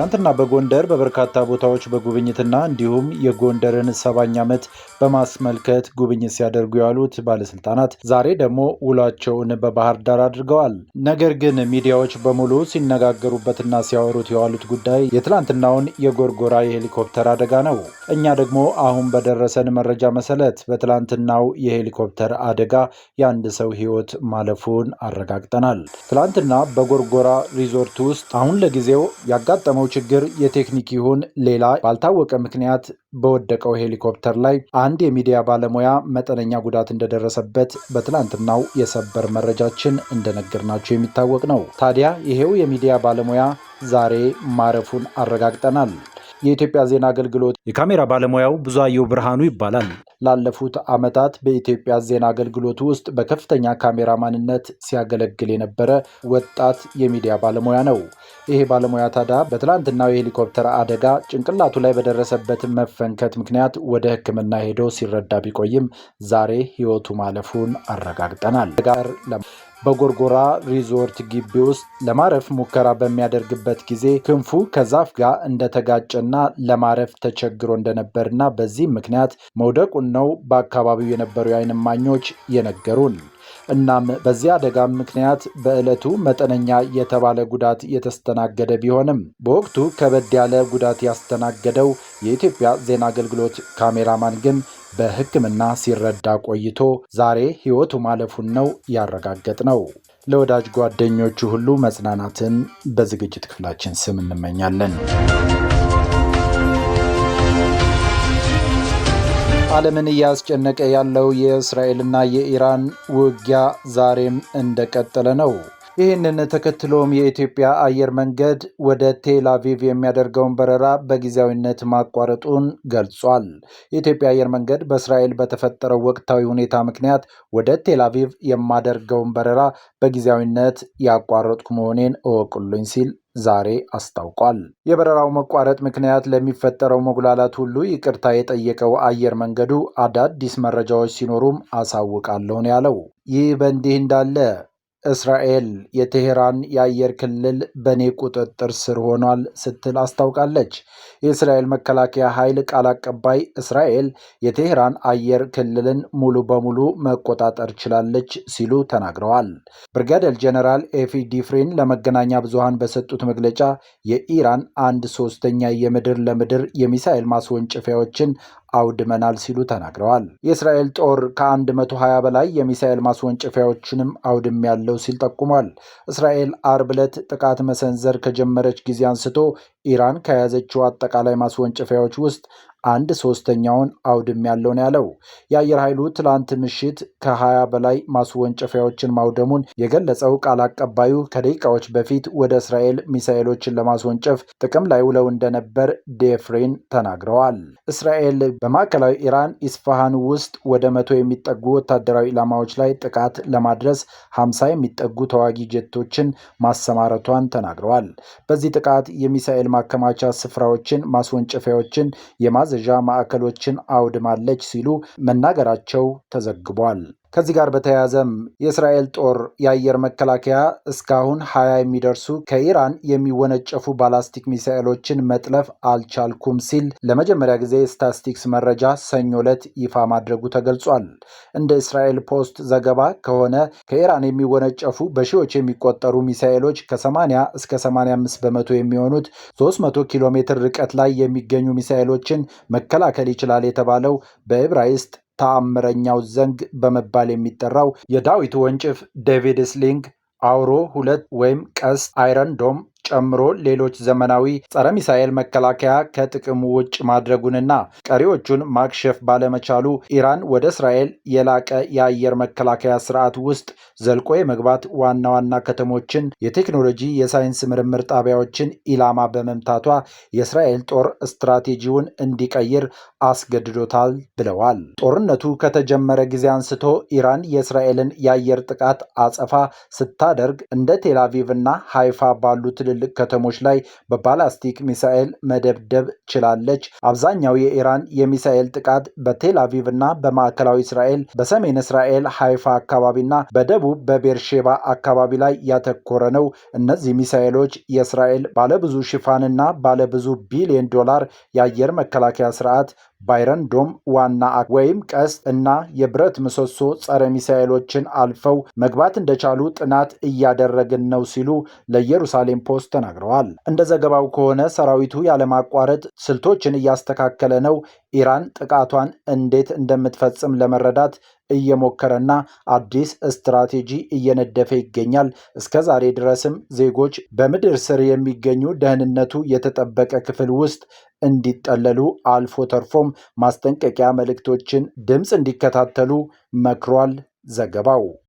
ትናንትና በጎንደር በበርካታ ቦታዎች በጉብኝትና እንዲሁም የጎንደርን ሰባኛ ዓመት በማስመልከት ጉብኝት ሲያደርጉ ያሉት ባለስልጣናት ዛሬ ደግሞ ውሏቸውን በባህር ዳር አድርገዋል። ነገር ግን ሚዲያዎች በሙሉ ሲነጋገሩበትና ሲያወሩት የዋሉት ጉዳይ የትላንትናውን የጎርጎራ የሄሊኮፕተር አደጋ ነው። እኛ ደግሞ አሁን በደረሰን መረጃ መሰረት በትላንትናው የሄሊኮፕተር አደጋ የአንድ ሰው ሕይወት ማለፉን አረጋግጠናል። ትላንትና በጎርጎራ ሪዞርት ውስጥ አሁን ለጊዜው ያጋጠመው ችግር የቴክኒክ ይሁን ሌላ ባልታወቀ ምክንያት በወደቀው ሄሊኮፕተር ላይ አንድ የሚዲያ ባለሙያ መጠነኛ ጉዳት እንደደረሰበት በትላንትናው የሰበር መረጃችን እንደነገርናችሁ የሚታወቅ ነው። ታዲያ ይሄው የሚዲያ ባለሙያ ዛሬ ማረፉን አረጋግጠናል። የኢትዮጵያ ዜና አገልግሎት የካሜራ ባለሙያው ብዙአየሁ ብርሃኑ ይባላል። ላለፉት ዓመታት በኢትዮጵያ ዜና አገልግሎት ውስጥ በከፍተኛ ካሜራማንነት ሲያገለግል የነበረ ወጣት የሚዲያ ባለሙያ ነው። ይሄ ባለሙያ ታዲያ በትላንትናው የሄሊኮፕተር አደጋ ጭንቅላቱ ላይ በደረሰበት መፈንከት ምክንያት ወደ ሕክምና ሄዶ ሲረዳ ቢቆይም ዛሬ ሕይወቱ ማለፉን አረጋግጠናል። በጎርጎራ ሪዞርት ግቢ ውስጥ ለማረፍ ሙከራ በሚያደርግበት ጊዜ ክንፉ ከዛፍ ጋር እንደተጋጨና ለማረፍ ተቸግሮ እንደነበርና በዚህ ምክንያት መውደቁን ነው በአካባቢው የነበሩ የዓይን እማኞች የነገሩን። እናም በዚህ አደጋ ምክንያት በዕለቱ መጠነኛ የተባለ ጉዳት የተስተናገደ ቢሆንም በወቅቱ ከበድ ያለ ጉዳት ያስተናገደው የኢትዮጵያ ዜና አገልግሎት ካሜራማን ግን በሕክምና ሲረዳ ቆይቶ ዛሬ ሕይወቱ ማለፉን ነው ያረጋገጥ ነው። ለወዳጅ ጓደኞቹ ሁሉ መጽናናትን በዝግጅት ክፍላችን ስም እንመኛለን። ዓለምን እያስጨነቀ ያለው የእስራኤልና የኢራን ውጊያ ዛሬም እንደቀጠለ ነው። ይህንን ተከትሎም የኢትዮጵያ አየር መንገድ ወደ ቴል አቪቭ የሚያደርገውን በረራ በጊዜያዊነት ማቋረጡን ገልጿል። የኢትዮጵያ አየር መንገድ በእስራኤል በተፈጠረው ወቅታዊ ሁኔታ ምክንያት ወደ ቴል አቪቭ የማደርገውን በረራ በጊዜያዊነት ያቋረጥኩ መሆኔን እወቁልኝ ሲል ዛሬ አስታውቋል። የበረራው መቋረጥ ምክንያት ለሚፈጠረው መጉላላት ሁሉ ይቅርታ የጠየቀው አየር መንገዱ አዳዲስ መረጃዎች ሲኖሩም አሳውቃለሁ ነው ያለው። ይህ በእንዲህ እንዳለ እስራኤል የቴሄራን የአየር ክልል በእኔ ቁጥጥር ስር ሆኗል ስትል አስታውቃለች። የእስራኤል መከላከያ ኃይል ቃል አቀባይ እስራኤል የቴሄራን አየር ክልልን ሙሉ በሙሉ መቆጣጠር ችላለች ሲሉ ተናግረዋል። ብርጋደል ጀነራል ኤፊ ዲፍሪን ለመገናኛ ብዙሃን በሰጡት መግለጫ የኢራን አንድ ሶስተኛ የምድር ለምድር የሚሳኤል ማስወንጨፊያዎችን አውድመናል ሲሉ ተናግረዋል። የእስራኤል ጦር ከ120 በላይ የሚሳኤል ማስወንጨፊያዎችንም አውድም ያለው ሲል ጠቁሟል። እስራኤል አርብ ዕለት ጥቃት መሰንዘር ከጀመረች ጊዜ አንስቶ ኢራን ከያዘችው አጠቃላይ ማስወንጨፊያዎች ውስጥ አንድ ሶስተኛውን አውድም ያለው ነው ያለው። የአየር ኃይሉ ትላንት ምሽት ከ20 በላይ ማስወንጨፊያዎችን ማውደሙን የገለጸው ቃል አቀባዩ ከደቂቃዎች በፊት ወደ እስራኤል ሚሳኤሎችን ለማስወንጨፍ ጥቅም ላይ ውለው እንደነበር ዴፍሬን ተናግረዋል። እስራኤል በማዕከላዊ ኢራን ኢስፋሃን ውስጥ ወደ መቶ የሚጠጉ ወታደራዊ ኢላማዎች ላይ ጥቃት ለማድረስ 50 የሚጠጉ ተዋጊ ጀቶችን ማሰማረቷን ተናግረዋል። በዚህ ጥቃት የሚሳኤል ማከማቻ ስፍራዎችን፣ ማስወንጨፊያዎችን የማዘ ማዘዣ ማዕከሎችን አውድማለች ሲሉ መናገራቸው ተዘግቧል። ከዚህ ጋር በተያያዘም የእስራኤል ጦር የአየር መከላከያ እስካሁን ሀያ የሚደርሱ ከኢራን የሚወነጨፉ ባላስቲክ ሚሳኤሎችን መጥለፍ አልቻልኩም ሲል ለመጀመሪያ ጊዜ ስታስቲክስ መረጃ ሰኞ ዕለት ይፋ ማድረጉ ተገልጿል። እንደ እስራኤል ፖስት ዘገባ ከሆነ ከኢራን የሚወነጨፉ በሺዎች የሚቆጠሩ ሚሳኤሎች ከ80 እስከ 85 በመቶ የሚሆኑት 300 ኪሎ ሜትር ርቀት ላይ የሚገኙ ሚሳኤሎችን መከላከል ይችላል የተባለው በዕብራይስጥ ተአምረኛው ዘንግ በመባል የሚጠራው የዳዊት ወንጭፍ ዴቪድ ስሊንግ አውሮ ሁለት ወይም ቀስት አይረን ዶም ጨምሮ ሌሎች ዘመናዊ ጸረ ሚሳኤል መከላከያ ከጥቅም ውጭ ማድረጉንና ቀሪዎቹን ማክሸፍ ባለመቻሉ ኢራን ወደ እስራኤል የላቀ የአየር መከላከያ ስርዓት ውስጥ ዘልቆ የመግባት ዋና ዋና ከተሞችን፣ የቴክኖሎጂ የሳይንስ ምርምር ጣቢያዎችን ኢላማ በመምታቷ የእስራኤል ጦር ስትራቴጂውን እንዲቀይር አስገድዶታል ብለዋል። ጦርነቱ ከተጀመረ ጊዜ አንስቶ ኢራን የእስራኤልን የአየር ጥቃት አጸፋ ስታደርግ እንደ ቴላቪቭ እና ሃይፋ ባሉ ትልል ትልልቅ ከተሞች ላይ በባላስቲክ ሚሳኤል መደብደብ ችላለች። አብዛኛው የኢራን የሚሳኤል ጥቃት በቴል አቪቭ እና በማዕከላዊ እስራኤል፣ በሰሜን እስራኤል ሃይፋ አካባቢና በደቡብ በቤርሼባ አካባቢ ላይ ያተኮረ ነው። እነዚህ ሚሳኤሎች የእስራኤል ባለብዙ ሽፋንና ባለብዙ ቢሊዮን ዶላር የአየር መከላከያ ስርዓት ባይረን ዶም ዋና ወይም ቀስት እና የብረት ምሰሶ ጸረ ሚሳኤሎችን አልፈው መግባት እንደቻሉ ጥናት እያደረግን ነው ሲሉ ለኢየሩሳሌም ፖስት ተናግረዋል። እንደ ዘገባው ከሆነ ሰራዊቱ ያለማቋረጥ ስልቶችን እያስተካከለ ነው። ኢራን ጥቃቷን እንዴት እንደምትፈጽም ለመረዳት እየሞከረና አዲስ ስትራቴጂ እየነደፈ ይገኛል። እስከ ዛሬ ድረስም ዜጎች በምድር ስር የሚገኙ ደህንነቱ የተጠበቀ ክፍል ውስጥ እንዲጠለሉ አልፎ ተርፎም ማስጠንቀቂያ መልእክቶችን ድምፅ እንዲከታተሉ መክሯል። ዘገባው